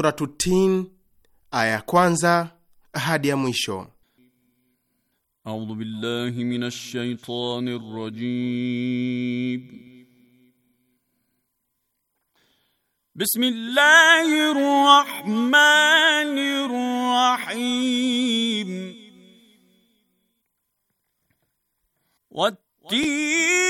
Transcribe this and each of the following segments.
Suratu Tin, aya ya kwanza hadi ya mwisho. Audhu billahi minash shaitani rajim. Bismillahir rahmanir rahim. Wat-tin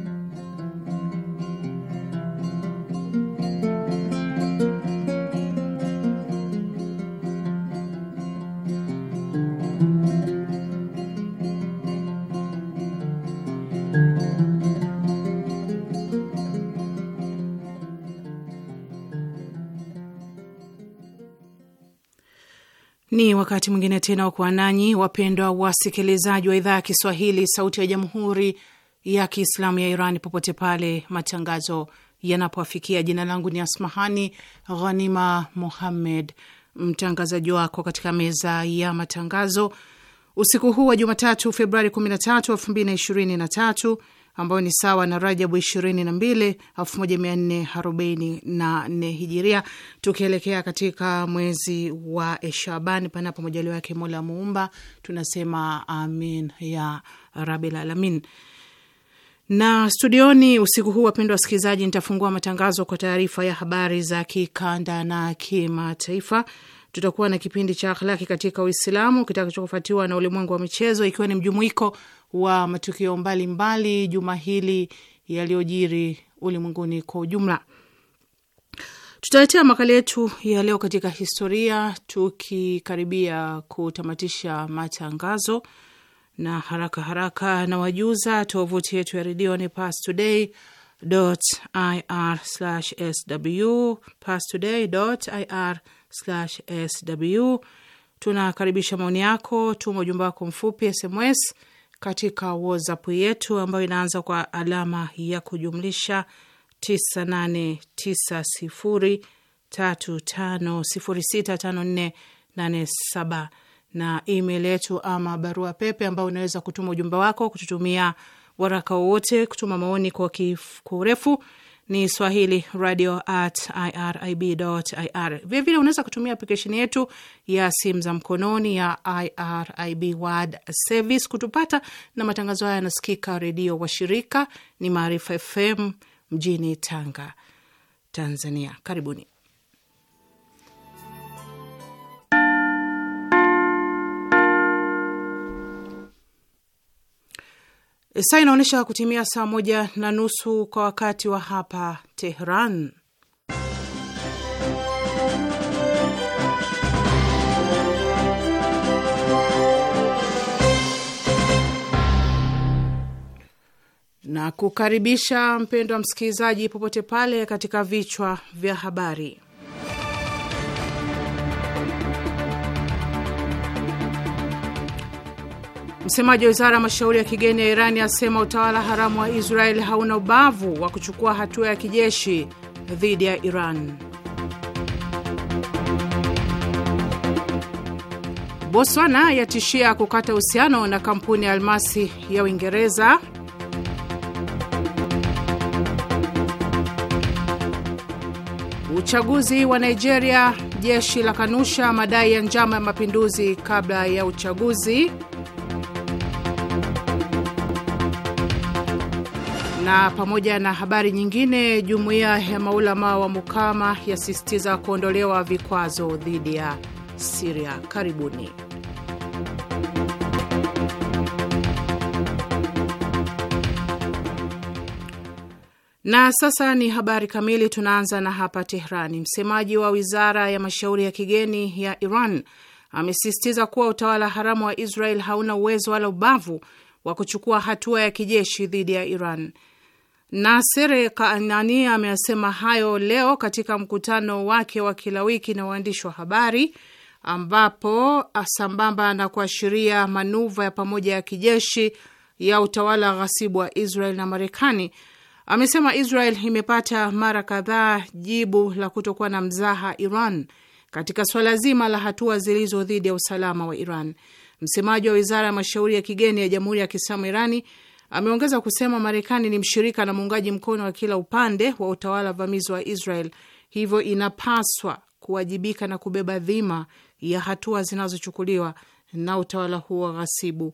Ni wakati mwingine tena wa kuwa nanyi wapendwa wasikilizaji wa idhaa ya Kiswahili sauti ya jamhuri ya Kiislamu ya Iran popote pale matangazo yanapoafikia. Jina langu ni Asmahani Ghanima Muhammed, mtangazaji wako katika meza ya matangazo usiku huu wa Jumatatu Februari 13, 2023 ambayo ni sawa na Rajabu 22 1444 hijiria, tukielekea katika mwezi wa Shaban, panapo majaliwa yake Mola Muumba, tunasema amin ya rabil alamin. Na studioni usiku huu, wapendwa wasikilizaji, nitafungua matangazo kwa taarifa ya habari za kikanda na kimataifa. Tutakuwa na kipindi cha akhlaki katika Uislamu kitakachofuatiwa na ulimwengu wa michezo, ikiwa ni mjumuiko wa matukio mbalimbali juma hili yaliyojiri ulimwenguni kwa ujumla. Tutaletea makala yetu ya leo katika historia, tukikaribia kutamatisha matangazo na haraka haraka na wajuza tovuti yetu ya redio ni pastoday.ir/sw, pastoday.ir/sw. Tunakaribisha maoni yako, tuma ujumbe wako mfupi SMS katika WhatsApp yetu ambayo inaanza kwa alama ya kujumlisha 989035065487 na email yetu ama barua pepe ambayo unaweza kutuma ujumbe wako, kututumia waraka wowote, kutuma maoni kwa kif, ni swahili radio at irib ir. Vilevile unaweza kutumia aplikesheni yetu ya simu za mkononi ya IRIB World Service kutupata, na matangazo haya yanasikika redio wa shirika ni Maarifa FM mjini Tanga, Tanzania. Karibuni. Saa inaonyesha kutimia saa moja na nusu kwa wakati wa hapa Tehran. Na kukaribisha mpendwa msikilizaji popote pale katika vichwa vya habari. Msemaji wa wizara ya mashauri ya kigeni ya Irani asema utawala haramu wa Israel hauna ubavu wa kuchukua hatua ya kijeshi dhidi ya Iran. Botswana yatishia kukata uhusiano na kampuni ya almasi ya Uingereza. Uchaguzi wa Nigeria, jeshi la kanusha madai ya njama ya mapinduzi kabla ya uchaguzi. na pamoja na habari nyingine, jumuiya ya maulama wa Mukama yasisitiza kuondolewa vikwazo dhidi ya Siria. Karibuni. Na sasa ni habari kamili. Tunaanza na hapa Tehrani. Msemaji wa wizara ya mashauri ya kigeni ya Iran amesisitiza kuwa utawala haramu wa Israel hauna uwezo wala ubavu wa kuchukua hatua ya kijeshi dhidi ya Iran nasere Kanani ameyasema hayo leo katika mkutano wake wa kila wiki na waandishi wa habari ambapo sambamba na kuashiria manuva ya pamoja ya kijeshi ya utawala ghasibu wa Israel na Marekani, amesema Israel imepata mara kadhaa jibu la kutokuwa na mzaha Iran katika swala zima la hatua zilizo dhidi ya usalama wa Iran. Msemaji wa wizara ya mashauri ya kigeni ya Jamhuri ya Kiislamu Irani Ameongeza kusema Marekani ni mshirika na muungaji mkono wa kila upande wa utawala vamizi wa Israel, hivyo inapaswa kuwajibika na kubeba dhima ya hatua zinazochukuliwa na utawala huo ghasibu.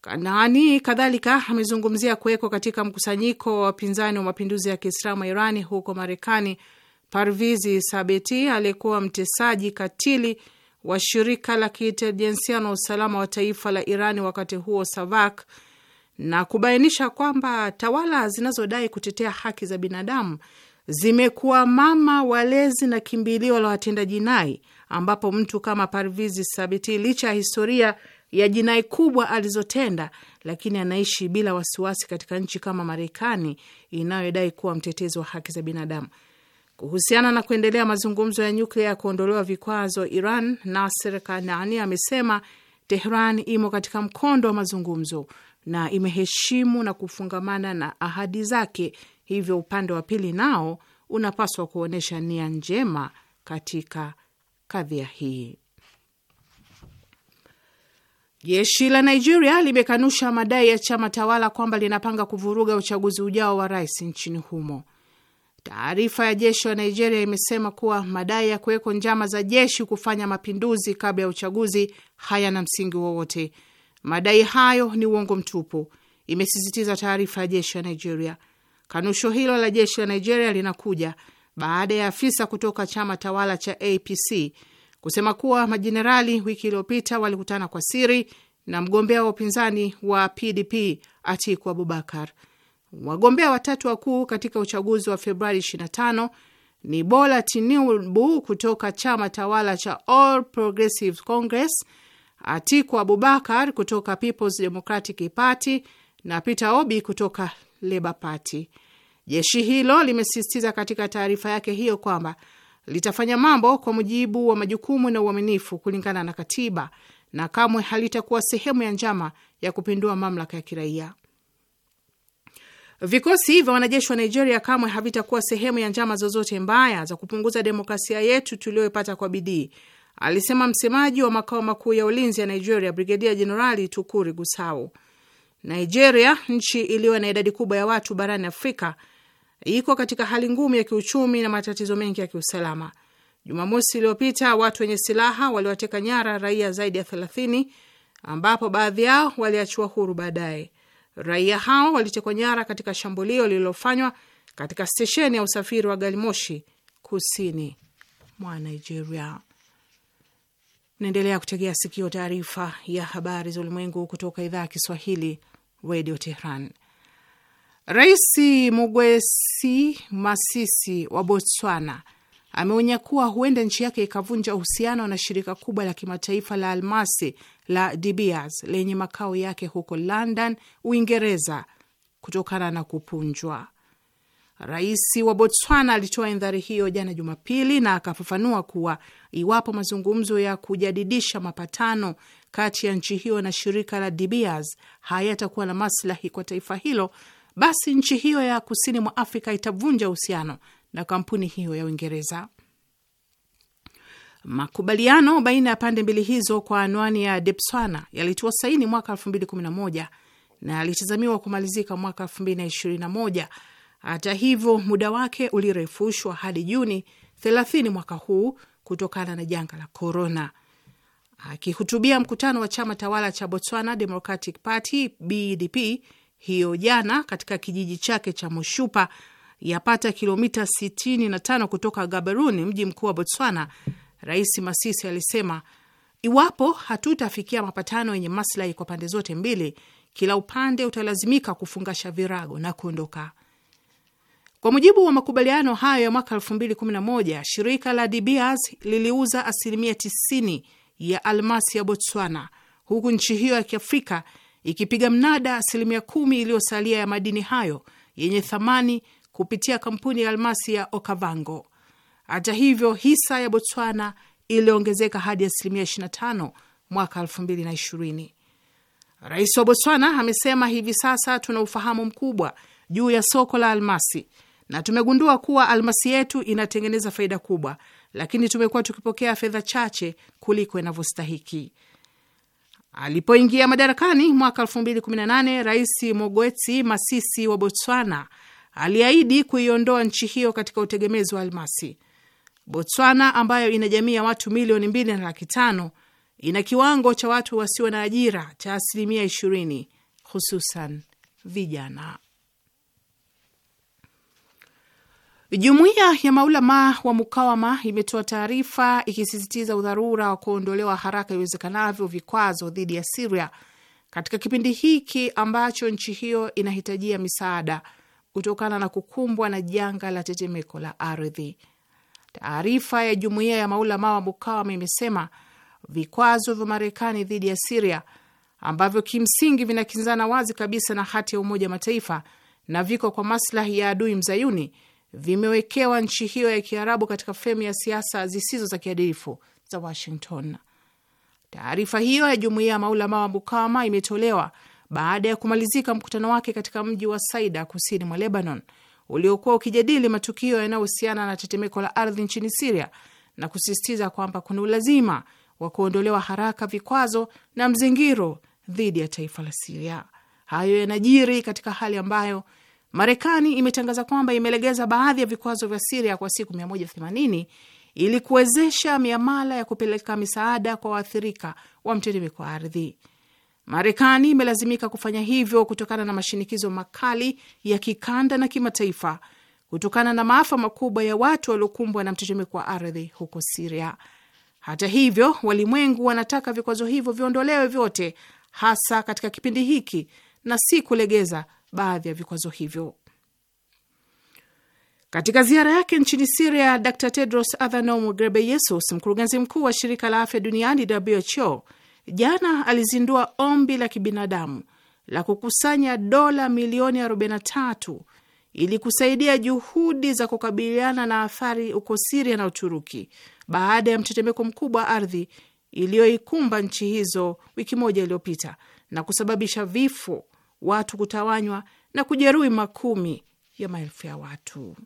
Kanaani kadhalika amezungumzia kuwekwa katika mkusanyiko wa wapinzani wa mapinduzi ya Kiislamu wa Irani huko Marekani Parvizi Sabeti aliyekuwa mtesaji katili wa shirika la kiintelijensia na usalama wa taifa la Irani wakati huo SAVAK na kubainisha kwamba tawala zinazodai kutetea haki za binadamu zimekuwa mama walezi na kimbilio la watenda jinai, ambapo mtu kama Parvizi Sabiti licha ya historia ya jinai kubwa alizotenda, lakini anaishi bila wasiwasi katika nchi kama Marekani inayodai kuwa mtetezi wa haki za binadamu. Kuhusiana na kuendelea mazungumzo ya nyuklia ya kuondolewa vikwazo Iran, Nasser kanani amesema Tehran imo katika mkondo wa mazungumzo na imeheshimu na kufungamana na ahadi zake, hivyo upande wa pili nao unapaswa kuonyesha nia njema katika kadhia hii. Jeshi la Nigeria limekanusha madai ya chama tawala kwamba linapanga kuvuruga uchaguzi ujao wa rais nchini humo. Taarifa ya jeshi la Nigeria imesema kuwa madai ya kuweko njama za jeshi kufanya mapinduzi kabla ya uchaguzi hayana msingi wowote, Madai hayo ni uongo mtupu, imesisitiza taarifa ya jeshi la Nigeria. Kanusho hilo la jeshi la Nigeria linakuja baada ya afisa kutoka chama tawala cha APC kusema kuwa majenerali wiki iliyopita walikutana kwa siri na mgombea wa upinzani wa PDP Atiku Abubakar. Wagombea watatu wakuu katika uchaguzi wa Februari 25 ni Bola Tinubu kutoka chama tawala cha All Progressive Congress Atiku Abubakar kutoka Peoples Democratic Party na Peter Obi kutoka Labour Party. Jeshi hilo limesisitiza katika taarifa yake hiyo kwamba litafanya mambo kwa mujibu wa majukumu na uaminifu kulingana na katiba na kamwe halitakuwa sehemu ya njama ya kupindua mamlaka ya kiraia. Vikosi vya wanajeshi wa Nigeria kamwe havitakuwa sehemu ya njama zozote mbaya za kupunguza demokrasia yetu tuliyoipata kwa bidii alisema msemaji wa makao makuu ya ulinzi ya Nigeria, Brigedia Jenerali Tukuri Gusau. Nigeria, nchi iliyo na idadi kubwa ya watu barani Afrika, iko katika hali ngumu ya kiuchumi na matatizo mengi ya kiusalama. Jumamosi iliyopita watu wenye silaha waliwateka nyara raia zaidi ya 30 ambapo baadhi yao waliachiwa huru baadaye. Raia hao walitekwa nyara katika shambulio lililofanywa katika stesheni ya usafiri wa gari moshi kusini mwa Nigeria. Naendelea kutegea sikio taarifa ya habari za ulimwengu kutoka idhaa ya Kiswahili redio Tehran. Rais Mugwesi Masisi wa Botswana ameonya kuwa huenda nchi yake ikavunja uhusiano na shirika kubwa la kimataifa la almasi la De Beers lenye makao yake huko London, Uingereza, kutokana na kupunjwa. Rais wa Botswana alitoa indhari hiyo jana Jumapili na akafafanua kuwa iwapo mazungumzo ya kujadidisha mapatano kati ya nchi hiyo na shirika la De Beers hayatakuwa na maslahi kwa taifa hilo, basi nchi hiyo ya kusini mwa Afrika itavunja uhusiano na kampuni hiyo ya Uingereza. Makubaliano baina ya pande mbili hizo kwa anwani ya Debswana yalitiwa saini mwaka 2011 na yalitazamiwa kumalizika mwaka 2021 hata hivyo, muda wake ulirefushwa hadi Juni 30 mwaka huu kutokana na janga la korona. Akihutubia mkutano wa chama tawala cha Botswana Democratic Party BDP hiyo jana katika kijiji chake cha Moshupa, yapata kilomita 65 kutoka Gaborone, mji mkuu wa Botswana, Rais Masisi alisema iwapo hatutafikia mapatano yenye maslahi kwa pande zote mbili, kila upande utalazimika kufungasha virago na kuondoka. Kwa mujibu wa makubaliano hayo ya mwaka 2011 shirika la De Beers liliuza asilimia 90 ya almasi ya Botswana, huku nchi hiyo ya kiafrika ikipiga mnada asilimia kumi iliyosalia ya madini hayo yenye thamani kupitia kampuni ya almasi ya Okavango. Hata hivyo, hisa ya Botswana iliongezeka hadi asilimia 25 mwaka 2020. Rais wa Botswana amesema hivi sasa tuna ufahamu mkubwa juu ya soko la almasi na tumegundua kuwa almasi yetu inatengeneza faida kubwa, lakini tumekuwa tukipokea fedha chache kuliko inavyostahiki. Alipoingia madarakani mwaka 2018 Rais Mogwetsi Masisi wa Botswana aliahidi kuiondoa nchi hiyo katika utegemezi wa almasi. Botswana ambayo ina jamii ya watu milioni mbili na laki tano ina kiwango cha watu wasio na ajira cha asilimia 20 hususan vijana. Jumuiya ya maulama wa mukawama imetoa taarifa ikisisitiza udharura wa kuondolewa haraka iwezekanavyo vikwazo dhidi ya Siria katika kipindi hiki ambacho nchi hiyo inahitajia misaada kutokana na kukumbwa na janga la tetemeko la ardhi. Taarifa ya jumuiya ya maulama wa mukawama imesema vikwazo vya Marekani dhidi ya Siria ambavyo kimsingi vinakinzana wazi kabisa na hati ya Umoja Mataifa na viko kwa maslahi ya adui mzayuni vimewekewa nchi hiyo ya Kiarabu katika fremu ya siasa zisizo za kiadilifu za Washington. Taarifa hiyo ya jumuiya ya maulama wa Bukama imetolewa baada ya kumalizika mkutano wake katika mji wa Saida kusini mwa Lebanon uliokuwa ukijadili matukio yanayohusiana na tetemeko la ardhi nchini Siria na kusisitiza kwamba kuna ulazima wa kuondolewa haraka vikwazo na mzingiro dhidi ya taifa la Siria. Hayo yanajiri katika hali ambayo Marekani imetangaza kwamba imelegeza baadhi ya vikwazo vya Siria kwa siku 180 ili kuwezesha miamala ya kupeleka misaada kwa waathirika wa mtetemeko wa ardhi. Marekani imelazimika kufanya hivyo kutokana na mashinikizo makali ya kikanda na kimataifa kutokana na maafa makubwa ya watu waliokumbwa na mtetemeko wa ardhi huko Siria. Hata hivyo, walimwengu wanataka vikwazo hivyo viondolewe vyote, hasa katika kipindi hiki na si kulegeza baadhi ya vikwazo hivyo. Katika ziara yake nchini Siria, Dr Tedros Adhanom Ghebreyesus, mkurugenzi mkuu wa shirika la afya duniani WHO, jana alizindua ombi la kibinadamu la kukusanya dola milioni 43 ili kusaidia juhudi za kukabiliana na athari huko Siria na Uturuki baada ya mtetemeko mkubwa wa ardhi iliyoikumba nchi hizo wiki moja iliyopita na kusababisha vifo watu kutawanywa na kujeruhi makumi ya maelfu ya watu.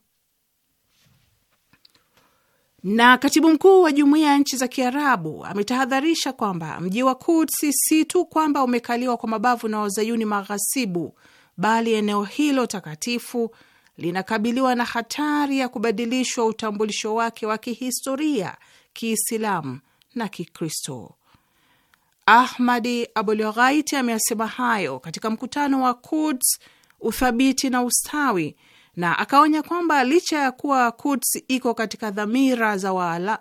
Na katibu mkuu wa jumuiya ya nchi za Kiarabu ametahadharisha kwamba mji wa Kudsi si tu kwamba umekaliwa kwa mabavu na wazayuni maghasibu, bali eneo hilo takatifu linakabiliwa na hatari ya kubadilishwa utambulisho wake wa kihistoria, Kiislamu na Kikristo. Ahmadi Abolghaiti ameyasema hayo katika mkutano wa Kuds, uthabiti na ustawi, na akaonya kwamba licha ya kuwa Kuds iko katika dhamira za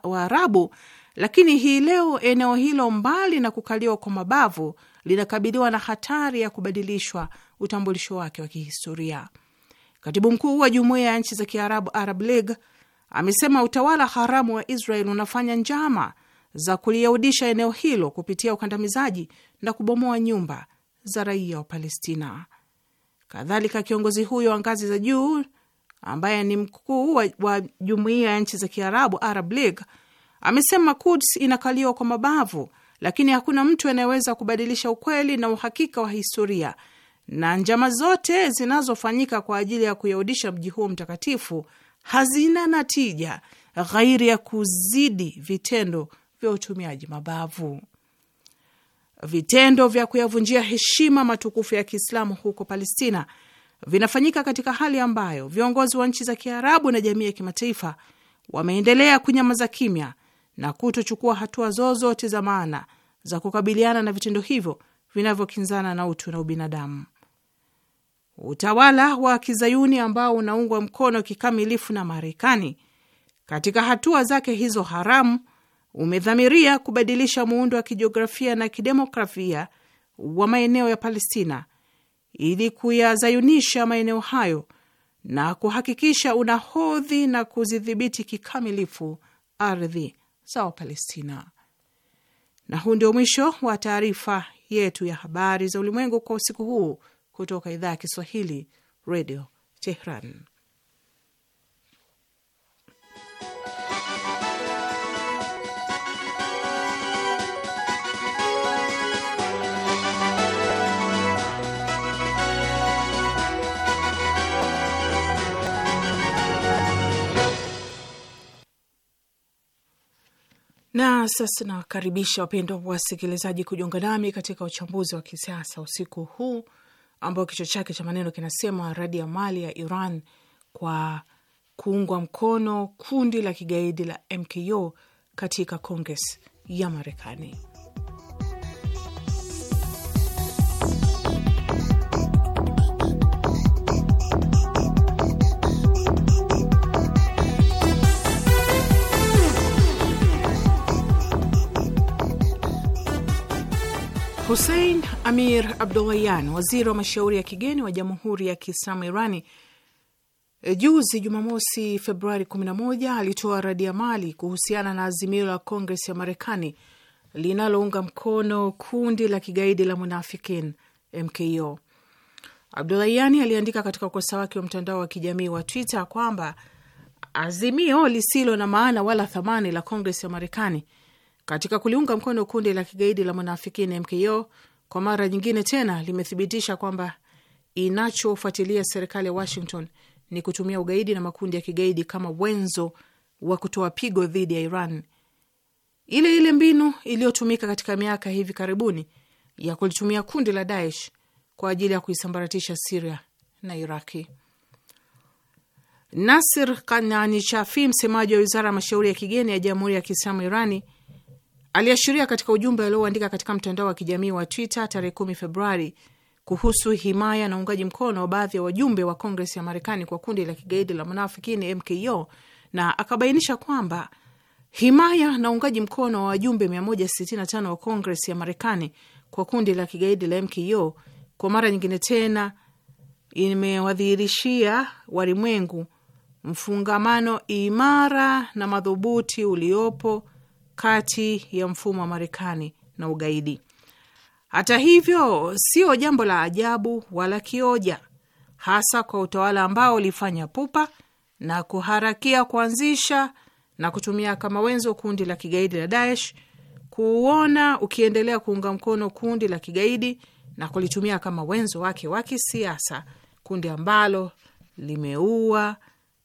Waarabu wa lakini hii leo eneo hilo mbali na kukaliwa kwa mabavu linakabiliwa na hatari ya kubadilishwa utambulisho wake wa kihistoria. Katibu mkuu wa jumuiya ya nchi za Kiarabu, Arab League, amesema utawala haramu wa Israel unafanya njama za kuliyahudisha eneo hilo kupitia ukandamizaji na kubomoa nyumba za raia wa Palestina. Kadhalika, kiongozi huyo wa ngazi za juu ambaye ni mkuu wa, wa jumuiya ya nchi za Kiarabu, Arab League, amesema Kuds inakaliwa kwa mabavu, lakini hakuna mtu anayeweza kubadilisha ukweli na uhakika wa historia, na njama zote zinazofanyika kwa ajili ya kuyahudisha mji huo mtakatifu hazina natija ghairi ya kuzidi vitendo vya utumiaji mabavu. Vitendo vya kuyavunjia heshima matukufu ya Kiislamu huko Palestina vinafanyika katika hali ambayo viongozi wa nchi za Kiarabu na jamii ya kimataifa wameendelea kunyamaza kimya na kutochukua hatua zozote za maana za kukabiliana na vitendo hivyo vinavyokinzana na utu na ubinadamu. Utawala wa kizayuni ambao unaungwa mkono kikamilifu na Marekani katika hatua zake hizo haramu umedhamiria kubadilisha muundo wa kijiografia na kidemografia wa maeneo ya Palestina ili kuyazayunisha maeneo hayo na kuhakikisha unahodhi na kuzidhibiti kikamilifu ardhi za Wapalestina. Na huu ndio mwisho wa taarifa yetu ya habari za ulimwengu kwa usiku huu kutoka idhaa ya Kiswahili, Redio Tehran. sasa nawakaribisha wapendwa wasikilizaji kujiunga nami katika uchambuzi wa kisiasa usiku huu ambao kichwa chake cha maneno kinasema radi ya mali ya Iran kwa kuungwa mkono kundi la kigaidi la MKO katika Kongres ya Marekani. Hussein Amir Abdollahian, waziri wa mashauri ya kigeni wa Jamhuri ya Kiislamu Irani, e, juzi Jumamosi Februari 11 alitoa radiamali kuhusiana na azimio la Kongres ya Marekani linalounga mkono kundi la kigaidi la Munafikin MKO. Abdulahiani aliandika katika ukurasa wake wa mtandao wa kijamii wa Twitter kwamba azimio lisilo na maana wala thamani la Kongres ya Marekani katika kuliunga mkono kundi la kigaidi la mwanafikini MKO kwa mara nyingine tena limethibitisha kwamba inachofuatilia serikali ya Washington ni kutumia ugaidi na makundi ya kigaidi kama wenzo wa kutoa pigo dhidi ya Iran, ile ile mbinu iliyotumika katika miaka hivi karibuni ya kulitumia kundi la Daesh kwa ajili ya kuisambaratisha Siria na Iraki. Nasir Kanani Chafi, msemaji wa wizara ya mashauri ya kigeni ya Jamhuri ya Kiislamu Irani, aliashiria katika ujumbe alioandika katika mtandao wa kijamii wa Twitter tarehe kumi Februari kuhusu himaya na uungaji mkono wa baadhi ya wajumbe wa Kongres ya Marekani kwa kundi la kigaidi la mnafikini MKO na akabainisha kwamba himaya na uungaji mkono wa wajumbe 165 wa Kongres ya Marekani kwa kundi la kigaidi la MKO kwa mara nyingine tena imewadhihirishia walimwengu mfungamano imara na madhubuti uliopo kati ya mfumo wa Marekani na ugaidi. Hata hivyo, sio jambo la ajabu wala kioja, hasa kwa utawala ambao ulifanya pupa na kuharakia kuanzisha na kutumia kama wenzo kundi la kigaidi la Daesh, kuuona ukiendelea kuunga mkono kundi la kigaidi na kulitumia kama wenzo wake wa kisiasa, kundi ambalo limeua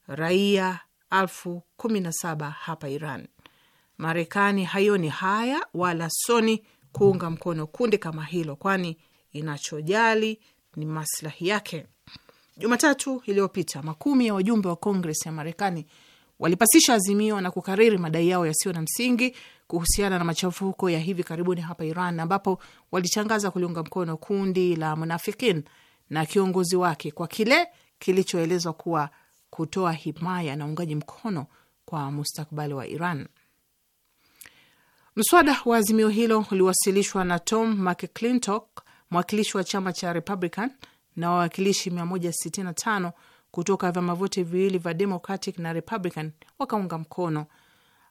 raia elfu kumi na saba hapa Iran. Marekani haioni haya wala soni kuunga mkono kundi kama hilo, kwani inachojali ni maslahi yake. Jumatatu iliyopita makumi ya wajumbe wa Kongres ya Marekani walipasisha azimio na kukariri madai yao yasiyo na msingi kuhusiana na machafuko ya hivi karibuni hapa Iran, ambapo walitangaza kuliunga mkono kundi la Munafikin na kiongozi wake kwa kile kilichoelezwa kuwa kutoa himaya na uungaji mkono kwa mustakbali wa Iran. Mswada wa azimio hilo uliwasilishwa na Tom McClintock, mwakilishi wa chama cha Republican, na wawakilishi 165 kutoka vyama vyote viwili vya Democratic na Republican wakaunga mkono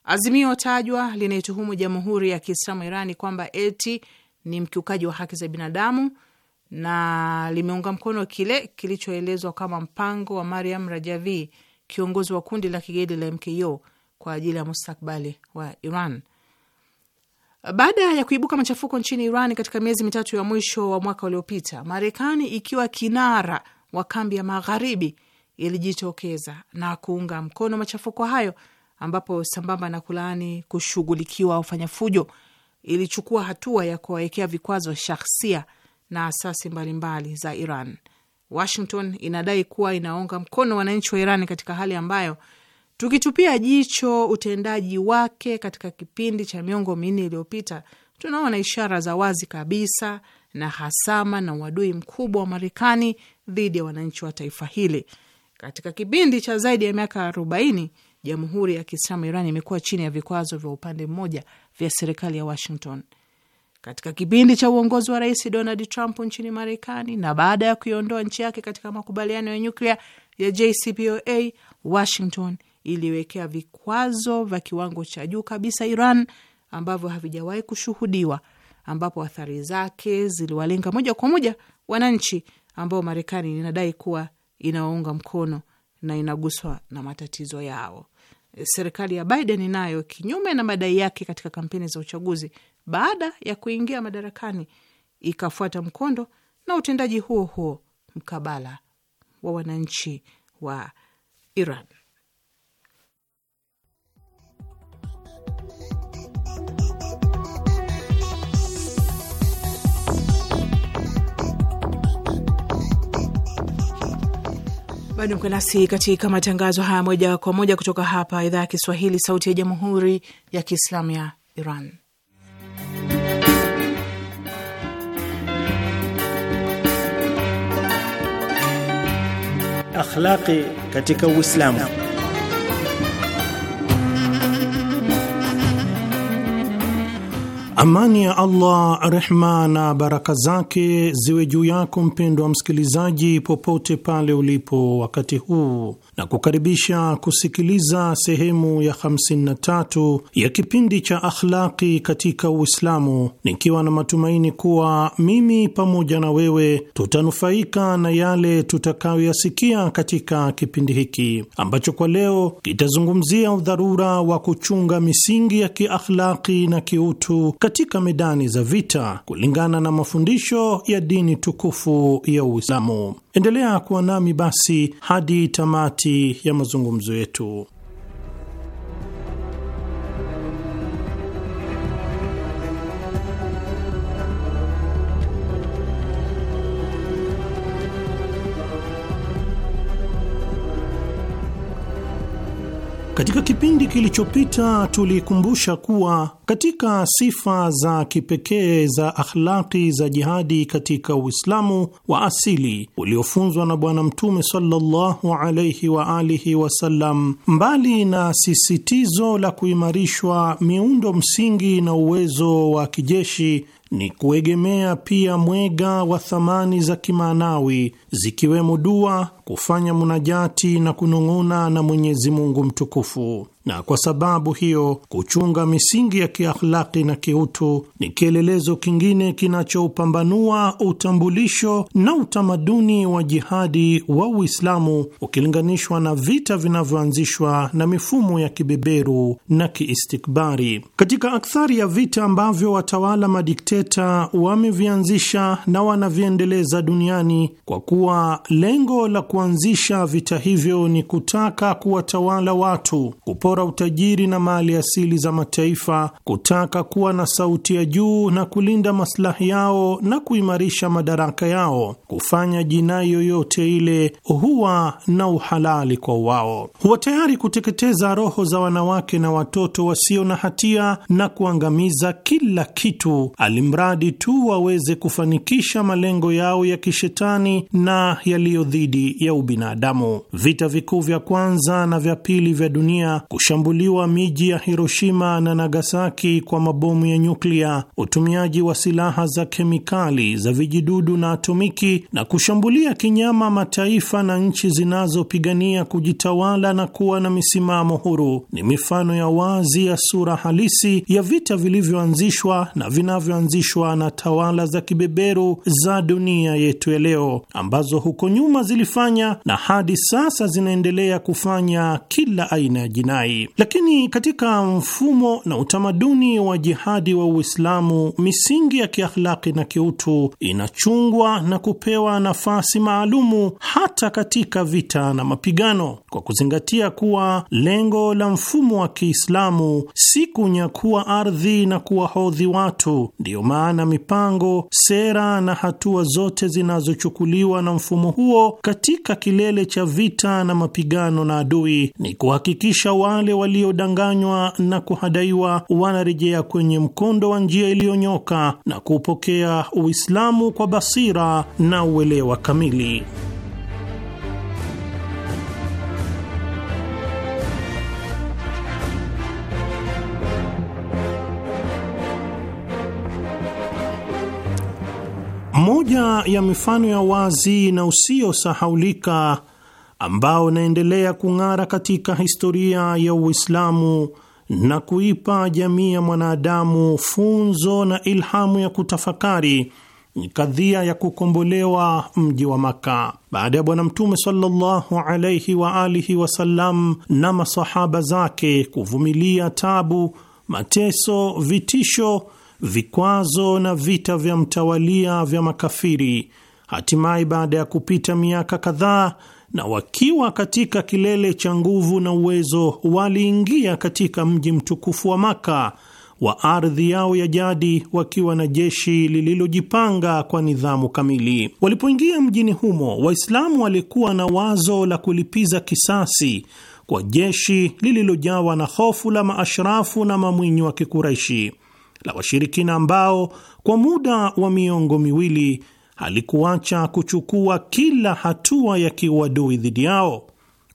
azimio tajwa. Linaituhumu Jamhuri ya Kiislamu Irani kwamba eti ni mkiukaji wa haki za binadamu na limeunga mkono kile kilichoelezwa kama mpango wa Mariam Rajavi, kiongozi wa kundi la kigaidi la MKO kwa ajili ya mustakbali wa Iran. Baada ya kuibuka machafuko nchini Iran katika miezi mitatu ya mwisho wa mwaka uliopita, Marekani ikiwa kinara wa kambi ya Magharibi ilijitokeza na kuunga mkono machafuko hayo, ambapo sambamba na kulaani kushughulikiwa wafanya fujo, ilichukua hatua ya kuwawekea vikwazo shahsia na asasi mbalimbali za Iran. Washington inadai kuwa inaunga mkono wananchi wa Iran katika hali ambayo Tukitupia jicho utendaji wake katika kipindi cha miongo minne iliyopita, tunaona ishara za wazi kabisa na hasama na uadui mkubwa wa Marekani dhidi ya wananchi wa taifa hili. Katika kipindi cha zaidi ya miaka 40, Jamhuri ya Kiislamu Iran imekuwa chini ya vikwazo vya upande mmoja vya serikali ya Washington. Katika kipindi cha uongozi wa Rais Donald Trump nchini Marekani na baada ya kuiondoa nchi yake katika makubaliano ya nyuklia ya JCPOA, Washington iliwekea vikwazo vya kiwango cha juu kabisa Iran ambavyo havijawahi kushuhudiwa, ambapo athari zake ziliwalenga moja kwa moja wananchi ambao Marekani inadai kuwa inawaunga mkono na inaguswa na matatizo yao. Serikali ya Biden nayo, kinyume na madai yake katika kampeni za uchaguzi, baada ya kuingia madarakani ikafuata mkondo na utendaji huo huo mkabala wa wananchi wa Iran. Bado mko nasi katika matangazo haya moja kwa moja kutoka hapa idhaa ya Kiswahili, sauti ya jamhuri ya kiislamu ya Iran. Akhlaqi katika Uislamu. Amani ya Allah, rehma na baraka zake ziwe juu yako mpendwa msikilizaji, popote pale ulipo wakati huu, na kukaribisha kusikiliza sehemu ya 53 ya kipindi cha Akhlaqi katika Uislamu, nikiwa na matumaini kuwa mimi pamoja na wewe tutanufaika na yale tutakayoyasikia katika kipindi hiki ambacho kwa leo kitazungumzia udharura wa kuchunga misingi ya kiakhlaqi na kiutu katika medani za vita kulingana na mafundisho ya dini tukufu ya Uislamu. Endelea kuwa nami basi hadi tamati ya mazungumzo yetu. Katika kipindi kilichopita tulikumbusha kuwa katika sifa za kipekee za akhlaki za jihadi katika Uislamu wa asili uliofunzwa na Bwana Mtume sallallahu alaihi wa alihi wasallam, mbali na sisitizo la kuimarishwa miundo msingi na uwezo wa kijeshi ni kuegemea pia mwega wa thamani za kimaanawi zikiwemo dua, kufanya munajati na kunung'una na Mwenyezi Mungu mtukufu na kwa sababu hiyo kuchunga misingi ya kiakhlaki na kiutu ni kielelezo kingine kinachoupambanua utambulisho na utamaduni wa jihadi wa Uislamu ukilinganishwa na vita vinavyoanzishwa na mifumo ya kibeberu na kiistikbari. Katika akthari ya vita ambavyo watawala madikteta wamevianzisha na wanaviendeleza duniani, kwa kuwa lengo la kuanzisha vita hivyo ni kutaka kuwatawala watu kupora kupora utajiri na mali asili za mataifa, kutaka kuwa na sauti ya juu na kulinda maslahi yao na kuimarisha madaraka yao, kufanya jinai yoyote ile, huwa na uhalali kwa wao. Huwa tayari kuteketeza roho za wanawake na watoto wasio na hatia na kuangamiza kila kitu, alimradi tu waweze kufanikisha malengo yao ya kishetani na yaliyo dhidi ya ubinadamu. Vita vikuu vya kwanza na vya pili vya dunia kushambuliwa miji ya Hiroshima na Nagasaki kwa mabomu ya nyuklia, utumiaji wa silaha za kemikali za vijidudu na atomiki, na kushambulia kinyama mataifa na nchi zinazopigania kujitawala na kuwa na misimamo huru, ni mifano ya wazi ya sura halisi ya vita vilivyoanzishwa na vinavyoanzishwa na tawala za kibeberu za dunia yetu ya leo, ambazo huko nyuma zilifanya na hadi sasa zinaendelea kufanya kila aina ya jinai mbalimbali, lakini katika mfumo na utamaduni wa jihadi wa Uislamu, misingi ya kiakhlaki na kiutu inachungwa na kupewa nafasi maalumu hata katika vita na mapigano, kwa kuzingatia kuwa lengo la mfumo wa Kiislamu si kunyakua ardhi na kuwahodhi watu. Ndiyo maana mipango, sera na hatua zote zinazochukuliwa na mfumo huo katika kilele cha vita na mapigano na adui ni kuhakikisha wale wale waliodanganywa na kuhadaiwa wanarejea kwenye mkondo wa njia iliyonyoka na kupokea Uislamu kwa basira na uelewa kamili. Moja ya mifano ya wazi na usiyosahaulika ambao unaendelea kung'ara katika historia ya Uislamu na kuipa jamii ya mwanadamu funzo na ilhamu ya kutafakari ni kadhia ya kukombolewa mji wa Makka baada ya Bwana Mtume sallallahu alaihi wa alihi wasallam na masahaba zake kuvumilia tabu, mateso, vitisho, vikwazo na vita vya mtawalia vya makafiri. Hatimaye baada ya kupita miaka kadhaa na wakiwa katika kilele cha nguvu na uwezo waliingia katika mji mtukufu wa Maka wa ardhi yao ya jadi wakiwa na jeshi lililojipanga kwa nidhamu kamili. Walipoingia mjini humo, Waislamu walikuwa na wazo la kulipiza kisasi kwa jeshi lililojawa na hofu la maashrafu na mamwinyi wa Kikuraishi la washirikina ambao kwa muda wa miongo miwili halikuacha kuchukua kila hatua ya kiuadui dhidi yao.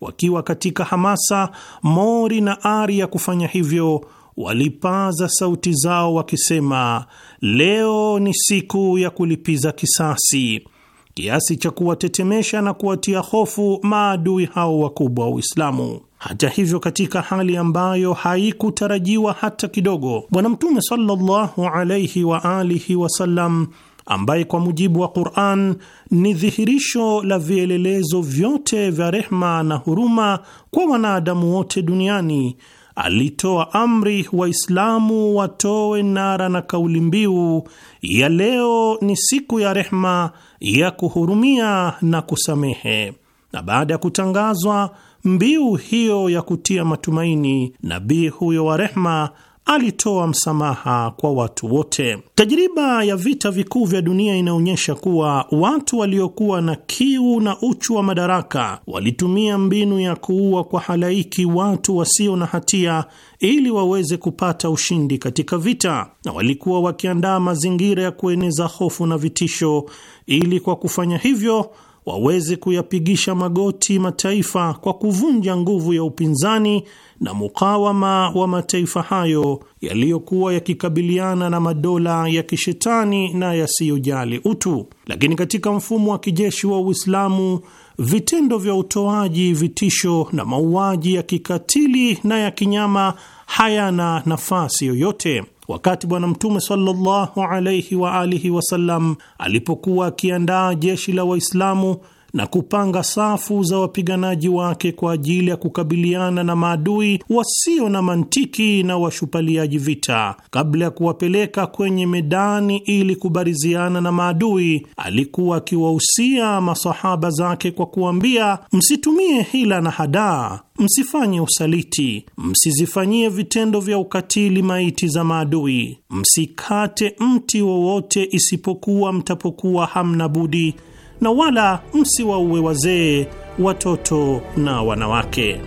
Wakiwa katika hamasa, mori na ari ya kufanya hivyo, walipaza sauti zao wakisema, leo ni siku ya kulipiza kisasi, kiasi cha kuwatetemesha na kuwatia hofu maadui hao wakubwa wa Uislamu. Hata hivyo, katika hali ambayo haikutarajiwa hata kidogo, Bwana Mtume sallallahu alaihi wa alihi wasallam ambaye kwa mujibu wa Qur'an ni dhihirisho la vielelezo vyote vya rehma na huruma kwa wanadamu wote duniani, alitoa amri Waislamu watoe nara na kauli mbiu ya leo ni siku ya rehma, ya kuhurumia na kusamehe. Na baada ya kutangazwa mbiu hiyo ya kutia matumaini, nabii huyo wa rehma alitoa msamaha kwa watu wote. Tajriba ya vita vikuu vya dunia inaonyesha kuwa watu waliokuwa na kiu na uchu wa madaraka walitumia mbinu ya kuua kwa halaiki watu wasio na hatia ili waweze kupata ushindi katika vita, na walikuwa wakiandaa mazingira ya kueneza hofu na vitisho ili kwa kufanya hivyo waweze kuyapigisha magoti mataifa kwa kuvunja nguvu ya upinzani na mukawama wa mataifa hayo yaliyokuwa yakikabiliana na madola ya kishetani na yasiyojali utu. Lakini katika mfumo wa kijeshi wa Uislamu, vitendo vya utoaji vitisho na mauaji ya kikatili na ya kinyama hayana nafasi yoyote. Wakati Bwana Mtume sallallahu alaihi wa alihi wasallam alipokuwa akiandaa jeshi la Waislamu na kupanga safu za wapiganaji wake kwa ajili ya kukabiliana na maadui wasio na mantiki na washupaliaji vita. Kabla ya kuwapeleka kwenye medani ili kubariziana na maadui, alikuwa akiwahusia masahaba zake kwa kuambia, msitumie hila na hadaa, msifanye usaliti, msizifanyie vitendo vya ukatili maiti za maadui, msikate mti wowote isipokuwa mtapokuwa hamna budi na wala msiwaue wazee, watoto na wanawake.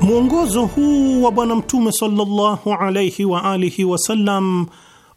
Mwongozo huu wa Bwana Mtume sallallahu alaihi wa alihi wasallam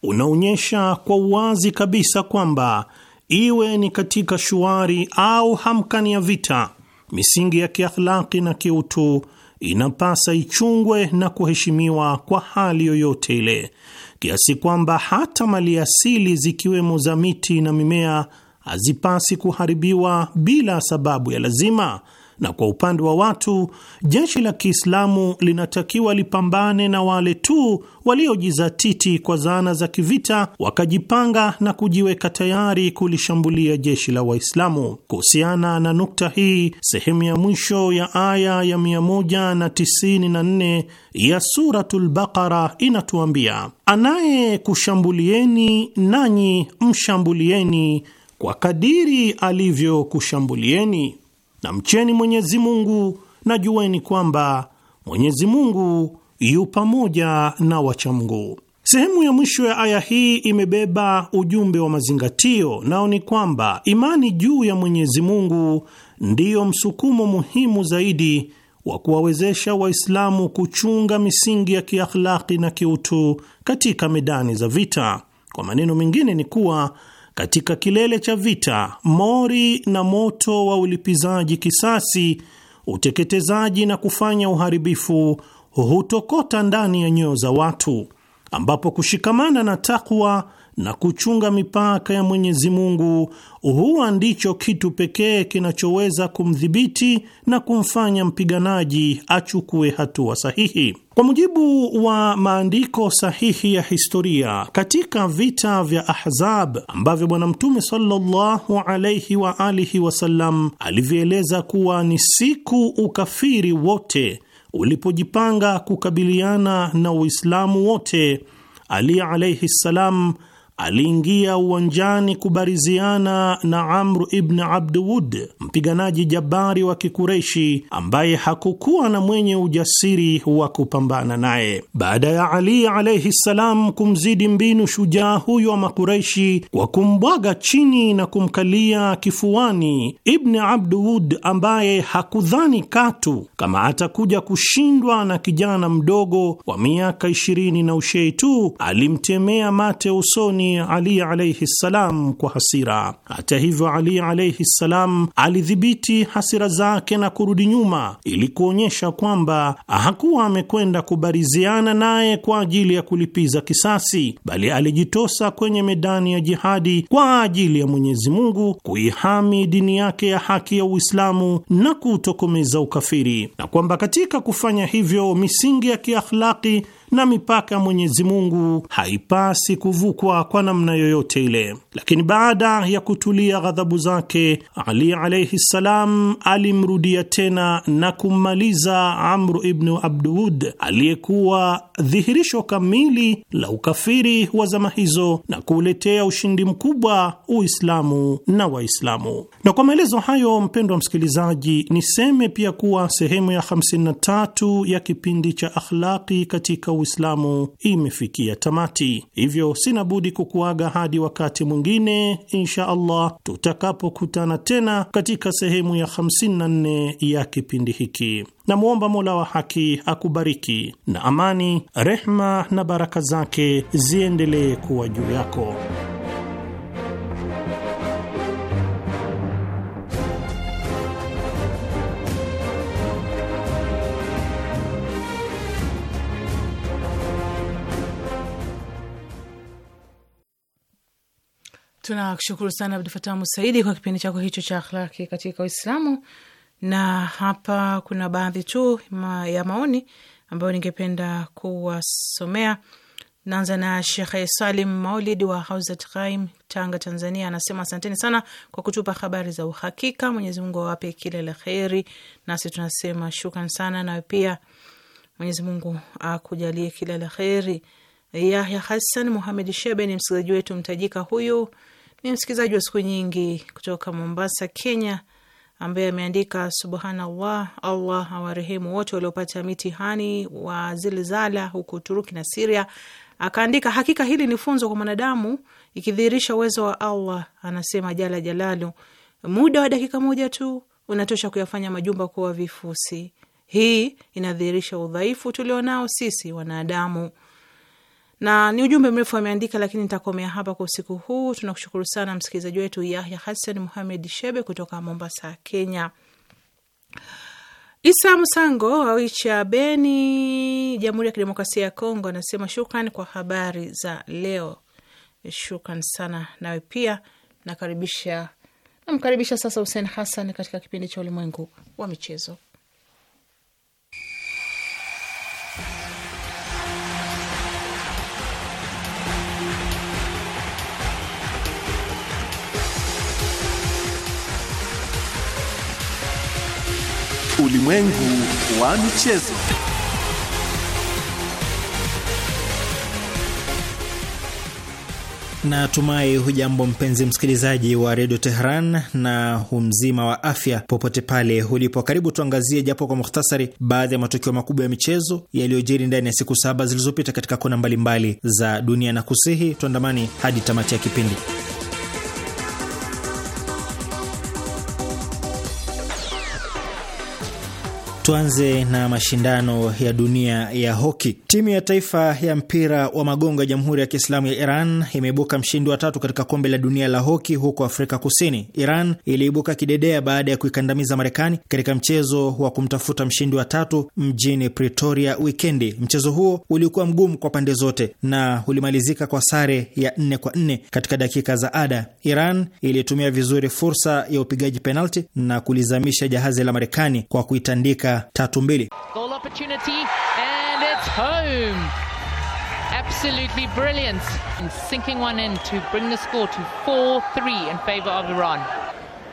unaonyesha kwa uwazi kabisa kwamba iwe ni katika shuari au hamkani ya vita misingi ya kiakhlaki na kiutu inapasa ichungwe na kuheshimiwa kwa hali yoyote ile, kiasi kwamba hata mali asili zikiwemo za miti na mimea hazipasi kuharibiwa bila sababu ya lazima na kwa upande wa watu, jeshi la Kiislamu linatakiwa lipambane na wale tu waliojizatiti kwa zana za kivita, wakajipanga na kujiweka tayari kulishambulia jeshi la Waislamu. Kuhusiana na nukta hii, sehemu ya mwisho ya aya ya 194 ya Suratul Baqara inatuambia, anayekushambulieni nanyi mshambulieni kwa kadiri alivyokushambulieni na mcheni Mwenyezi Mungu na jueni kwamba Mwenyezi Mungu yu pamoja na wachamgu. Sehemu ya mwisho ya aya hii imebeba ujumbe wa mazingatio, nao ni kwamba imani juu ya Mwenyezi Mungu ndiyo msukumo muhimu zaidi wa kuwawezesha Waislamu kuchunga misingi ya kiakhlaki na kiutu katika medani za vita. Kwa maneno mengine ni kuwa katika kilele cha vita, mori na moto wa ulipizaji kisasi, uteketezaji na kufanya uharibifu hutokota ndani ya nyoyo za watu, ambapo kushikamana na takwa na kuchunga mipaka ya Mwenyezi Mungu, huwa ndicho kitu pekee kinachoweza kumdhibiti na kumfanya mpiganaji achukue hatua sahihi. Kwa mujibu wa maandiko sahihi ya historia, katika vita vya Ahzab ambavyo Bwana Mtume sallallahu alaihi wa alihi wasallam alivyoeleza kuwa ni siku ukafiri wote ulipojipanga kukabiliana na Uislamu wote, Ali alaihi ssalam aliingia uwanjani kubariziana na Amru ibn Abdwud, mpiganaji jabari wa Kikureshi ambaye hakukuwa na mwenye ujasiri wa kupambana naye. Baada ya Ali alaihi ssalam kumzidi mbinu shujaa huyo wa Makureshi kwa kumbwaga chini na kumkalia kifuani, Ibn Abdwud ambaye hakudhani katu kama atakuja kushindwa na kijana mdogo wa miaka ishirini na ushei tu, alimtemea mate usoni nyumbani Ali alaihi ssalam kwa hasira. Hata hivyo, Ali alaihi ssalam alidhibiti hasira zake na kurudi nyuma ili kuonyesha kwamba hakuwa amekwenda kubariziana naye kwa ajili ya kulipiza kisasi, bali alijitosa kwenye medani ya jihadi kwa ajili ya Mwenyezi Mungu kuihami dini yake ya haki ya Uislamu na kuutokomeza ukafiri, na kwamba katika kufanya hivyo misingi ya kiakhlaki na mipaka ya Mwenyezi Mungu haipasi kuvukwa kwa namna yoyote ile. Lakini baada ya kutulia ghadhabu zake, Ali alaihi ssalam alimrudia tena na kummaliza Amru ibnu Abduwud aliyekuwa dhihirisho kamili la ukafiri wa zama hizo na kuuletea ushindi mkubwa Uislamu na Waislamu. Na kwa maelezo hayo, mpendwa msikilizaji, niseme pia kuwa sehemu ya 53 ya kipindi cha Akhlaqi katika Uislamu imefikia tamati, hivyo sina budi kukuaga hadi wakati mwingine insha Allah tutakapokutana tena katika sehemu ya 54 ya kipindi hiki. Namwomba Mola wa haki akubariki, na amani, rehma na baraka zake ziendelee kuwa juu yako. Tunakushukuru sana Abdu Fatah Musaidi kwa kipindi chako hicho cha akhlaki katika Uislamu. Na hapa kuna baadhi tu ma ya maoni ambayo ningependa kuwasomea. Naanza na Shekhe Salim Maulid wa Hausat Khaim, Tanga, Tanzania, anasema asanteni sana kwa kutupa habari za uhakika. Mwenyezi Mungu awape kila la kheri, nasi tunasema shukran sana. Nawe pia Mwenyezi Mungu akujalie kila la kheri. Yahya Hasan Muhamed Shebe ni msikilizaji wetu mtajika huyu ni msikilizaji wa siku nyingi kutoka Mombasa, Kenya, ambaye ameandika subhanallah, Allah awarehemu wote waliopata mitihani wa zilzala huko Uturuki na Siria. Akaandika, hakika hili ni funzo kwa mwanadamu, ikidhihirisha uwezo wa Allah. Anasema jala jalalu, muda wa dakika moja tu unatosha kuyafanya majumba kuwa vifusi. Hii inadhihirisha udhaifu tulionao sisi wanadamu na ni ujumbe mrefu ameandika, lakini nitakomea hapa kwa usiku huu. Tunakushukuru sana msikilizaji wetu Yahya Hassan Muhamed Shebe kutoka Mombasa, Kenya. Isa Msango Wawicha, Beni, Jamhuri ya Kidemokrasia ya Kongo, anasema shukran kwa habari za leo. Shukran sana nawe pia. Nakaribisha namkaribisha sasa Hussein Hassan katika kipindi cha Ulimwengu wa Michezo. Ulimwengu wa michezo. Natumai hujambo mpenzi msikilizaji wa redio Tehran na umzima wa afya popote pale ulipo. Karibu tuangazie japo kwa muhtasari baadhi ya matukio makubwa ya michezo yaliyojiri ndani ya siku saba zilizopita katika kona mbalimbali za dunia, na kusihi tuandamani hadi tamati ya kipindi. Tuanze na mashindano ya dunia ya hoki. Timu ya taifa ya mpira wa magongo ya Jamhuri ya Kiislamu ya Iran imeibuka mshindi wa tatu katika kombe la dunia la hoki huko Afrika Kusini. Iran iliibuka kidedea baada ya kuikandamiza Marekani katika mchezo wa kumtafuta mshindi wa tatu mjini Pretoria wikendi. Mchezo huo ulikuwa mgumu kwa pande zote na ulimalizika kwa sare ya nne kwa nne katika dakika za ada. Iran ilitumia vizuri fursa ya upigaji penalti na kulizamisha jahazi la Marekani kwa kuitandika tatu mbili. Goal opportunity and it's home. Absolutely brilliant. And sinking one in to bring the score to 4-3 in favor of Iran.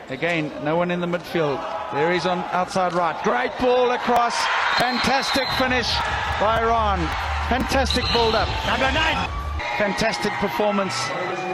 Again, no one in the midfield. There There is on outside right. Great ball across. Fantastic finish by Iran. Fantastic build up. Number nine. Fantastic performance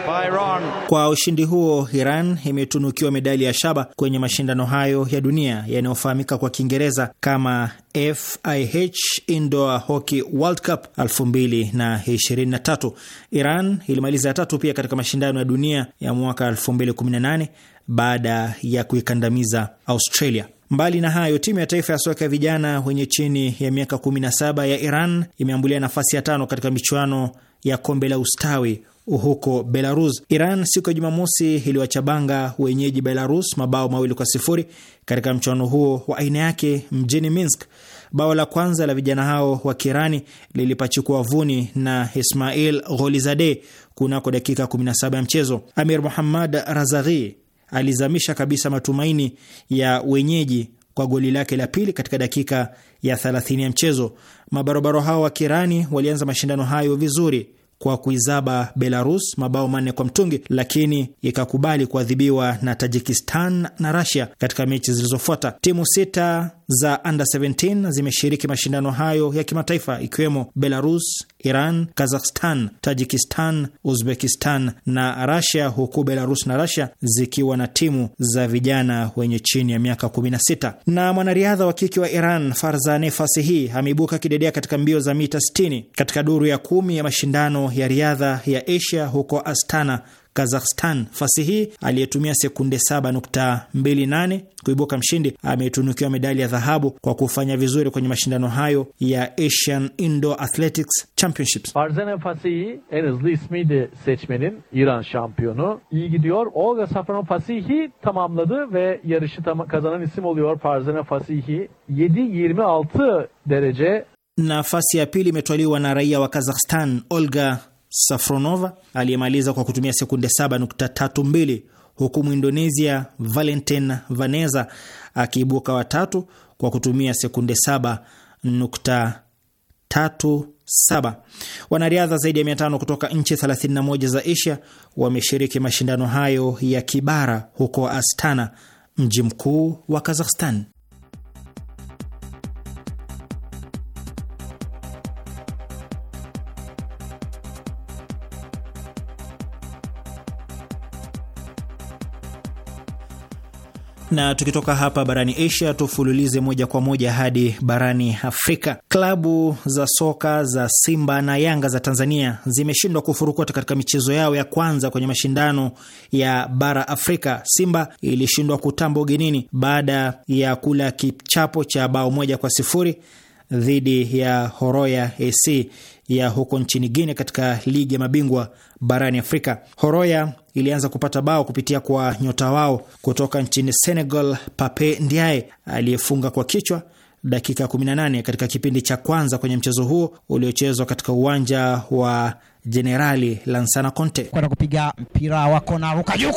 by Iran. Kwa ushindi huo Iran imetunukiwa medali ya shaba kwenye mashindano hayo ya dunia yanayofahamika kwa Kiingereza kama FIH Indoor Hockey World Cup 2023. Iran ilimaliza ya tatu pia katika mashindano ya dunia ya mwaka 2018 baada ya kuikandamiza Australia. Mbali na hayo, timu ya taifa ya soka ya vijana wenye chini ya miaka 17 ya Iran imeambulia nafasi ya tano katika michuano ya kombe la ustawi huko Belarus. Iran siku ya Jumamosi iliwachabanga wenyeji Belarus mabao mawili kwa sifuri katika mchuano huo wa aina yake mjini Minsk. Bao la kwanza la vijana hao wa Kirani lilipachikwa vuni na Ismail Gholizade kunako dakika 17 ya mchezo. Amir Muhammad Razaghi alizamisha kabisa matumaini ya wenyeji kwa goli lake la pili katika dakika ya 30 ya mchezo. Mabarobaro hao wa Kirani walianza mashindano hayo vizuri kwa kuizaba Belarus mabao manne kwa mtungi, lakini ikakubali kuadhibiwa na Tajikistan na Russia katika mechi zilizofuata. Timu sita za under 17 zimeshiriki mashindano hayo ya kimataifa ikiwemo Belarus, Iran, Kazakhstan, Tajikistan, Uzbekistan na Rasia, huku Belarus na Rasia zikiwa na timu za vijana wenye chini ya miaka 16. Na mwanariadha wa kike wa Iran Farzaneh Fasihi ameibuka kidedea katika mbio za mita 60 katika duru ya kumi ya mashindano ya riadha ya Asia huko Astana Kazakhstan. Fasihi aliyetumia sekunde 7.28 kuibuka mshindi ametunukiwa medali ya dhahabu kwa kufanya vizuri kwenye mashindano hayo ya Asian Indoor Athletics Championships. Farzana Fasihi en hızlı ismi de seçmenin İran şampiyonu. iyi gidiyor. Olga Safronov Fasihi tamamladı ve yarışı tam kazanan isim oluyor Farzana Fasihi. 7.26 derece. Nafasi ya pili imetwaliwa na raia wa Kazakhstan Olga Safronova aliyemaliza kwa kutumia sekunde 7.32 huku Mwindonesia Valentin Vaneza akiibuka watatu kwa kutumia sekunde 7.37. Wanariadha zaidi ya 500 kutoka nchi 31 za Asia wameshiriki mashindano hayo ya kibara huko Astana, mji mkuu wa Kazakhstan. na tukitoka hapa barani Asia tufululize moja kwa moja hadi barani Afrika. Klabu za soka za Simba na Yanga za Tanzania zimeshindwa kufurukuta katika michezo yao ya kwanza kwenye mashindano ya bara Afrika. Simba ilishindwa kutamba ugenini baada ya kula kichapo cha bao moja kwa sifuri dhidi ya Horoya AC ya huko nchini Guinea katika ligi ya mabingwa barani Afrika. Horoya ilianza kupata bao kupitia kwa nyota wao kutoka nchini Senegal, Pape Ndiaye aliyefunga kwa kichwa dakika 18 katika kipindi cha kwanza kwenye mchezo huo uliochezwa katika uwanja wa Jenerali Lansana Conte. Kwenda kupiga mpira wa kona ruka juu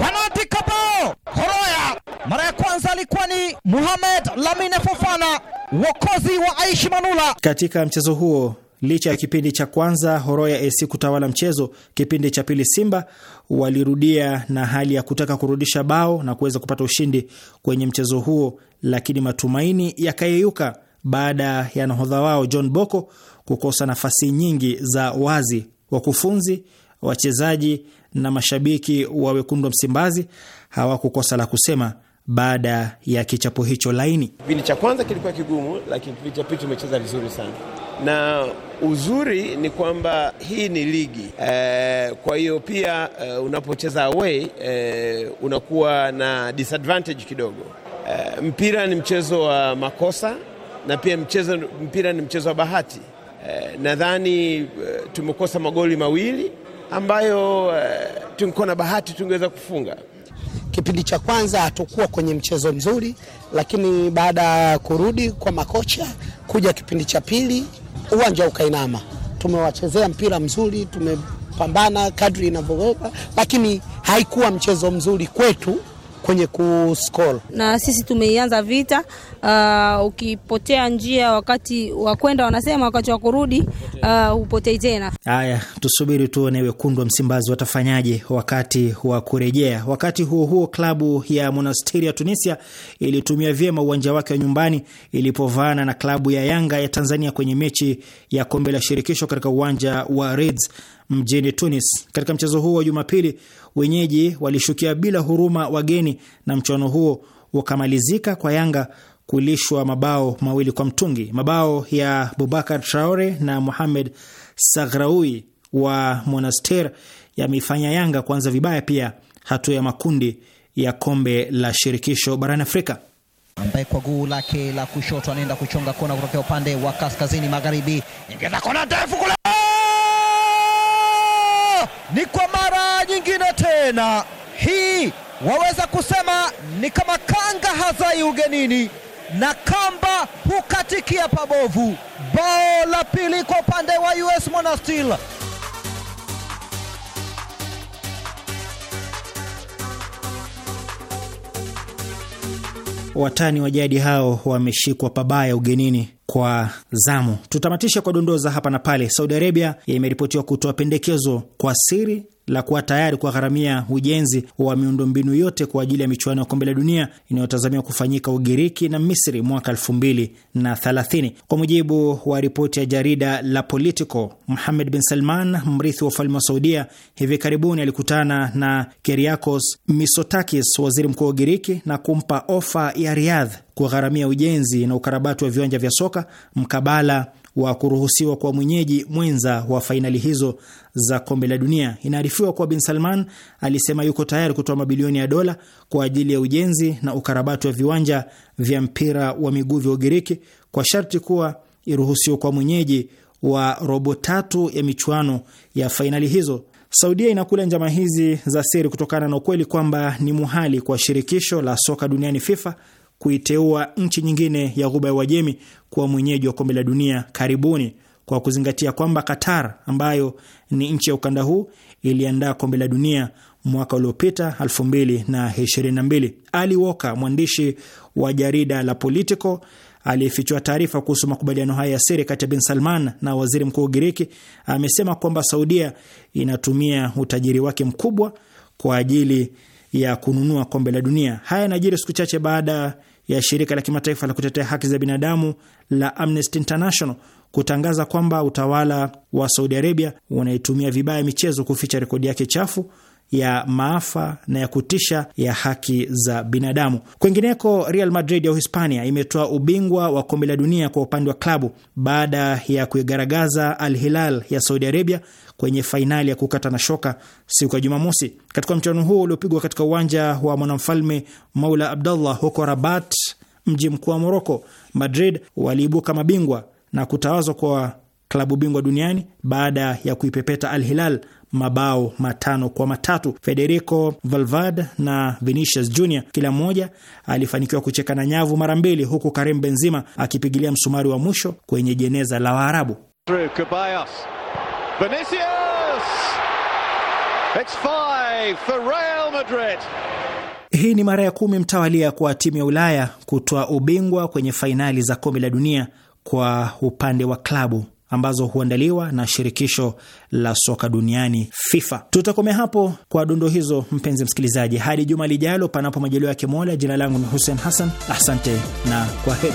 wanaandika bao horoya. Mara ya kwanza alikuwa ni Muhamed Lamine Fofana, wokozi wa Aishi Manula katika mchezo huo. Licha ya kipindi cha kwanza Horoya AC kutawala mchezo, kipindi cha pili Simba walirudia na hali ya kutaka kurudisha bao na kuweza kupata ushindi kwenye mchezo huo, lakini matumaini yakayeyuka baada ya nahodha wao John Boko kukosa nafasi nyingi za wazi. Wakufunzi, wachezaji na mashabiki wa wekundu wa Msimbazi hawakukosa la kusema baada ya kichapo hicho laini. Kipindi cha kwanza kilikuwa kigumu, lakini kipindi cha pili tumecheza vizuri sana na Uzuri ni kwamba hii ni ligi e, kwa hiyo pia e, unapocheza away e, unakuwa na disadvantage kidogo. E, mpira ni mchezo wa makosa na pia mchezo, mpira ni mchezo wa bahati. E, nadhani e, tumekosa magoli mawili ambayo e, tungekuwa na bahati tungeweza kufunga. Kipindi cha kwanza hatukuwa kwenye mchezo mzuri, lakini baada ya kurudi kwa makocha kuja kipindi cha pili uwanja ukainama. Tumewachezea mpira mzuri, tumepambana kadri inavyoweza, lakini haikuwa mchezo mzuri kwetu kwenye kuscroll. Na sisi tumeianza vita uh, ukipotea njia wakati wa kwenda wanasema wakati wa kurudi uh, hupotei upotei tena. Haya, tusubiri tuone wekundu wa Msimbazi watafanyaje wakati wa kurejea. Wakati huo huo, klabu ya Monasteri ya Tunisia ilitumia vyema uwanja wake wa nyumbani ilipovaana na klabu ya Yanga ya Tanzania kwenye mechi ya kombe la shirikisho katika uwanja wa Reds mjini Tunis. Katika mchezo huo wa Jumapili, wenyeji walishukia bila huruma wageni na mchuano huo ukamalizika kwa Yanga kulishwa mabao mawili kwa mtungi. Mabao ya Bubakar Traore na Muhamed Sagraui wa Monaster yameifanya Yanga kuanza vibaya pia hatua ya makundi ya kombe la shirikisho barani Afrika ambaye kwa guu lake la kushoto anaenda kuchonga kona kutokea upande wa kaskazini magharibi, ingeza kona ndefu kule ni kwa mara nyingine tena hii waweza kusema ni kama kanga hazai ugenini na kamba hukatikia pabovu. Bao la pili kwa upande wa US Monastir. Watani wa jadi hao wameshikwa pabaya ugenini kwa zamu. Tutamatishe kwa dondoza hapa na pale. Saudi Arabia imeripotiwa kutoa pendekezo kwa siri la kuwa tayari kugharamia ujenzi wa miundombinu yote kwa ajili ya michuano ya kombe la dunia inayotazamiwa kufanyika Ugiriki na Misri mwaka 2030. Kwa mujibu wa ripoti ya jarida la Politico, muhamed bin Salman, mrithi wa ufalme wa Saudia, hivi karibuni alikutana na Keriakos misotakis waziri mkuu wa Ugiriki, na kumpa ofa ya Riyadh kugharamia ujenzi na ukarabati wa viwanja vya soka mkabala wa kuruhusiwa kwa mwenyeji mwenza wa fainali hizo za kombe la dunia. Inaarifiwa kuwa Bin Salman alisema yuko tayari kutoa mabilioni ya dola kwa ajili ya ujenzi na ukarabati wa viwanja vya mpira wa miguu vya Ugiriki kwa sharti kuwa iruhusiwa kwa mwenyeji wa robo tatu ya michuano ya fainali hizo. Saudia inakula njama hizi za siri kutokana na ukweli kwamba ni muhali kwa shirikisho la soka duniani FIFA kuiteua nchi nyingine ya Ghuba ya Uajemi kuwa mwenyeji wa kombe la dunia karibuni, kwa kuzingatia kwamba Qatar ambayo ni nchi ya ukanda huu iliandaa kombe la dunia mwaka uliopita 2022. Ali Walker, mwandishi wa jarida la Politico aliyefichua taarifa kuhusu makubaliano haya ya siri kati ya Bin Salman na waziri mkuu Ugiriki, amesema kwamba Saudia inatumia utajiri wake mkubwa kwa ajili ya kununua kombe la dunia. Haya yanajiri siku chache baada ya shirika la kimataifa la kutetea haki za binadamu la Amnesty International kutangaza kwamba utawala wa Saudi Arabia unaitumia vibaya michezo kuficha rekodi yake chafu ya maafa na ya kutisha ya haki za binadamu. Kwengineko, Real Madrid ya Uhispania imetoa ubingwa wa kombe la dunia kwa upande wa klabu baada ya kuigaragaza Al Hilal ya Saudi Arabia kwenye fainali ya kukata na shoka siku ya Jumamosi. Katika mchuano huo uliopigwa katika uwanja wa mwanamfalme Maula Abdallah huko Rabat, mji mkuu wa Moroko, Madrid waliibuka mabingwa na kutawazwa kwa klabu bingwa duniani baada ya kuipepeta Al Hilal mabao matano kwa matatu. Federico Valverde na Vinicius Junior kila mmoja alifanikiwa kucheka na nyavu mara mbili, huku Karim Benzema akipigilia msumari wa mwisho kwenye jeneza la Waarabu. Hii ni mara ya kumi mtawalia kwa timu ya Ulaya kutoa ubingwa kwenye fainali za kombe la dunia kwa upande wa klabu ambazo huandaliwa na shirikisho la soka duniani FIFA. Tutakomea hapo kwa dondo hizo, mpenzi msikilizaji, hadi juma lijalo, panapo majaliwa yake Mola. Jina langu ni Hussein Hassan, asante na kwa heri.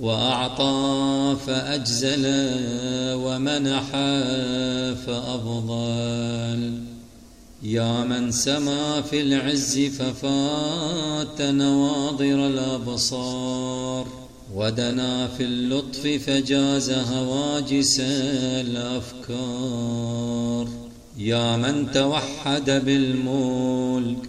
وأعطى فأجزل ومنح فأفضل يا من سما في العز ففات نواظر الأبصار ودنا في اللطف فجاز هواجس الأفكار يا من توحد بالملك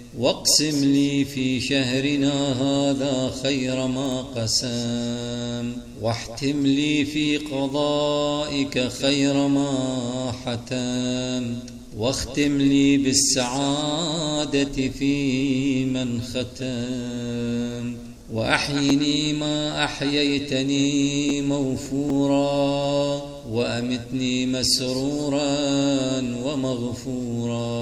واقسم لي في شهرنا هذا خير ما قسام واحتم لي في قضائك خير ما حتام واختم لي بالسعادة في من ختم وأحيني ما أحييتني موفورا وأمتني مسرورا ومغفورا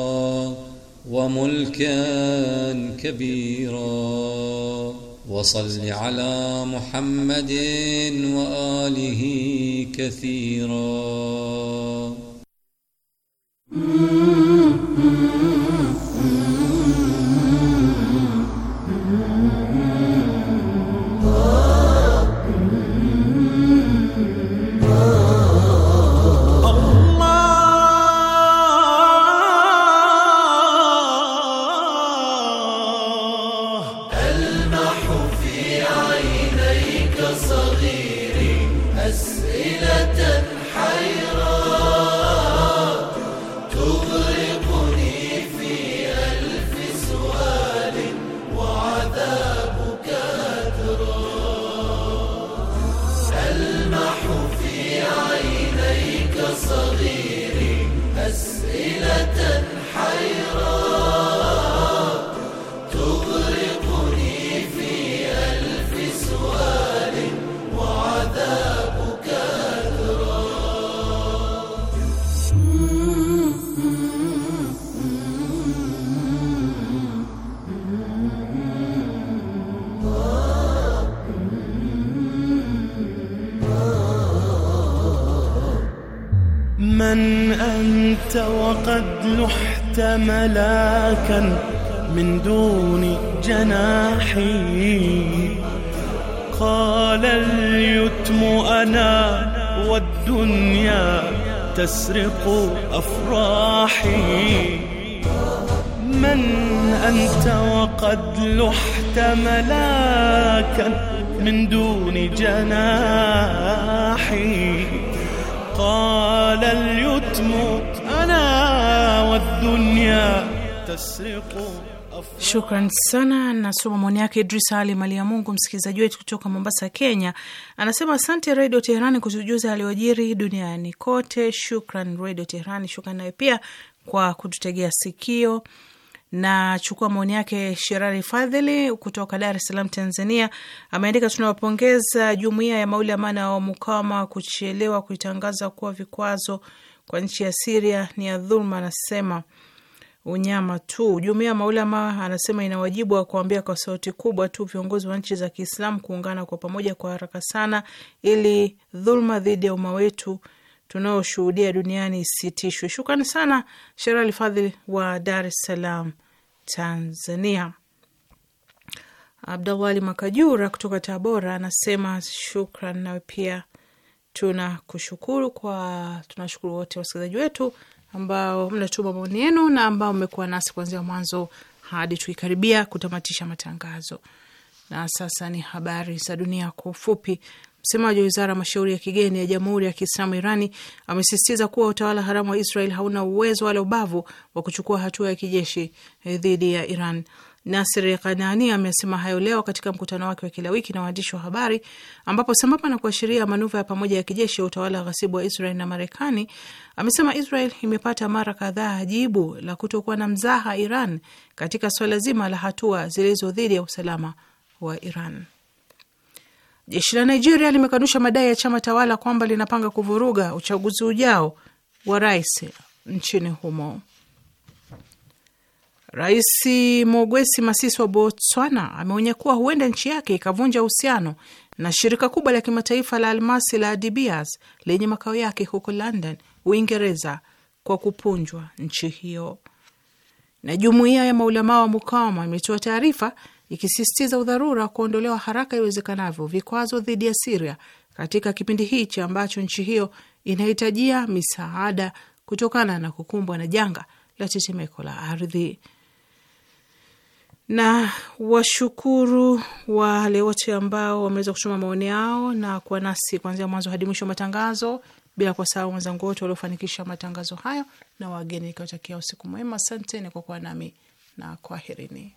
وملكا كبيرا وصل على محمد وآله كثيرا Mm-hmm. أنت وقد لحت ملاكا من دون جناحي قال اليتم أنا والدنيا تسرق أفراحي من أنت وقد لحت ملاكا من دون جناحي قال اليتم dunya tasriqu Shukran sana. Nasoma maoni yake Idris Ali Mali ya Mungu, msikilizaji wetu kutoka Mombasa, Kenya, anasema asante Redio Teherani kutujuza yaliyojiri duniani kote. Shukran Redio Teherani. Shukran nayo pia kwa kututegea sikio. Nachukua maoni yake Sherari Fadhili kutoka Dar es Salaam, Tanzania, ameandika tunawapongeza jumuiya ya Maulama wa Mukama kuchelewa kuitangaza kuwa vikwazo kwa nchi ya Siria ni ya dhulma anasema unyama tu. Jumuiya ya maulama anasema ina wajibu wa kuambia kwa sauti kubwa tu viongozi wa nchi za Kiislamu kuungana kwa pamoja kwa haraka sana, ili dhuluma dhidi ya umma wetu tunaoshuhudia duniani isitishwe. Shukrani sana Sherali Fadhili wa Dar es Salaam, Tanzania. Abdallah Ali Makajura kutoka Tabora anasema shukran. Nawe pia Tunakushukuru kwa, tunashukuru wote wasikilizaji wetu ambao mnatuma maoni yenu na ambao mmekuwa nasi kuanzia mwanzo hadi tukikaribia kutamatisha matangazo. Na sasa ni habari za dunia kwa ufupi. Msemaji wa wizara ya mashauri ya kigeni ya Jamhuri ya Kiislamu Irani amesisitiza kuwa utawala haramu wa Israel hauna uwezo wala ubavu wa kuchukua hatua ya kijeshi eh, dhidi ya Iran. Nasir Kanani amesema hayo leo katika mkutano wake wa kila wiki na waandishi wa habari, ambapo sambamba na kuashiria manuva ya pamoja ya kijeshi ya utawala wa ghasibu wa Israel na Marekani, amesema Israel imepata mara kadhaa jibu la kutokuwa na mzaha Iran katika swala zima la hatua zilizo dhidi ya usalama wa Iran. Jeshi la Nigeria limekanusha madai ya chama tawala kwamba linapanga kuvuruga uchaguzi ujao wa rais nchini humo. Rais Mogwesi Masisi wa Botswana ameonya kuwa huenda nchi yake ikavunja uhusiano na shirika kubwa la kimataifa la almasi la De Beers lenye makao yake huko London, Uingereza, kwa kupunjwa nchi hiyo. Na jumuiya ya maulamaa wa Mukawama imetoa taarifa ikisisitiza udharura wa kuondolewa haraka iwezekanavyo vikwazo dhidi ya Siria katika kipindi hichi ambacho nchi hiyo inahitajia misaada kutokana na kukumbwa na janga la tetemeko la ardhi na washukuru wale wote ambao wameweza kutuma maoni yao na kuwa nasi kuanzia mwanzo hadi mwisho wa matangazo, bila kuwasahau wenzangu wote waliofanikisha matangazo hayo na wageni, nikiwatakia usiku mwema. Asanteni kwa kuwa nami na kwaherini.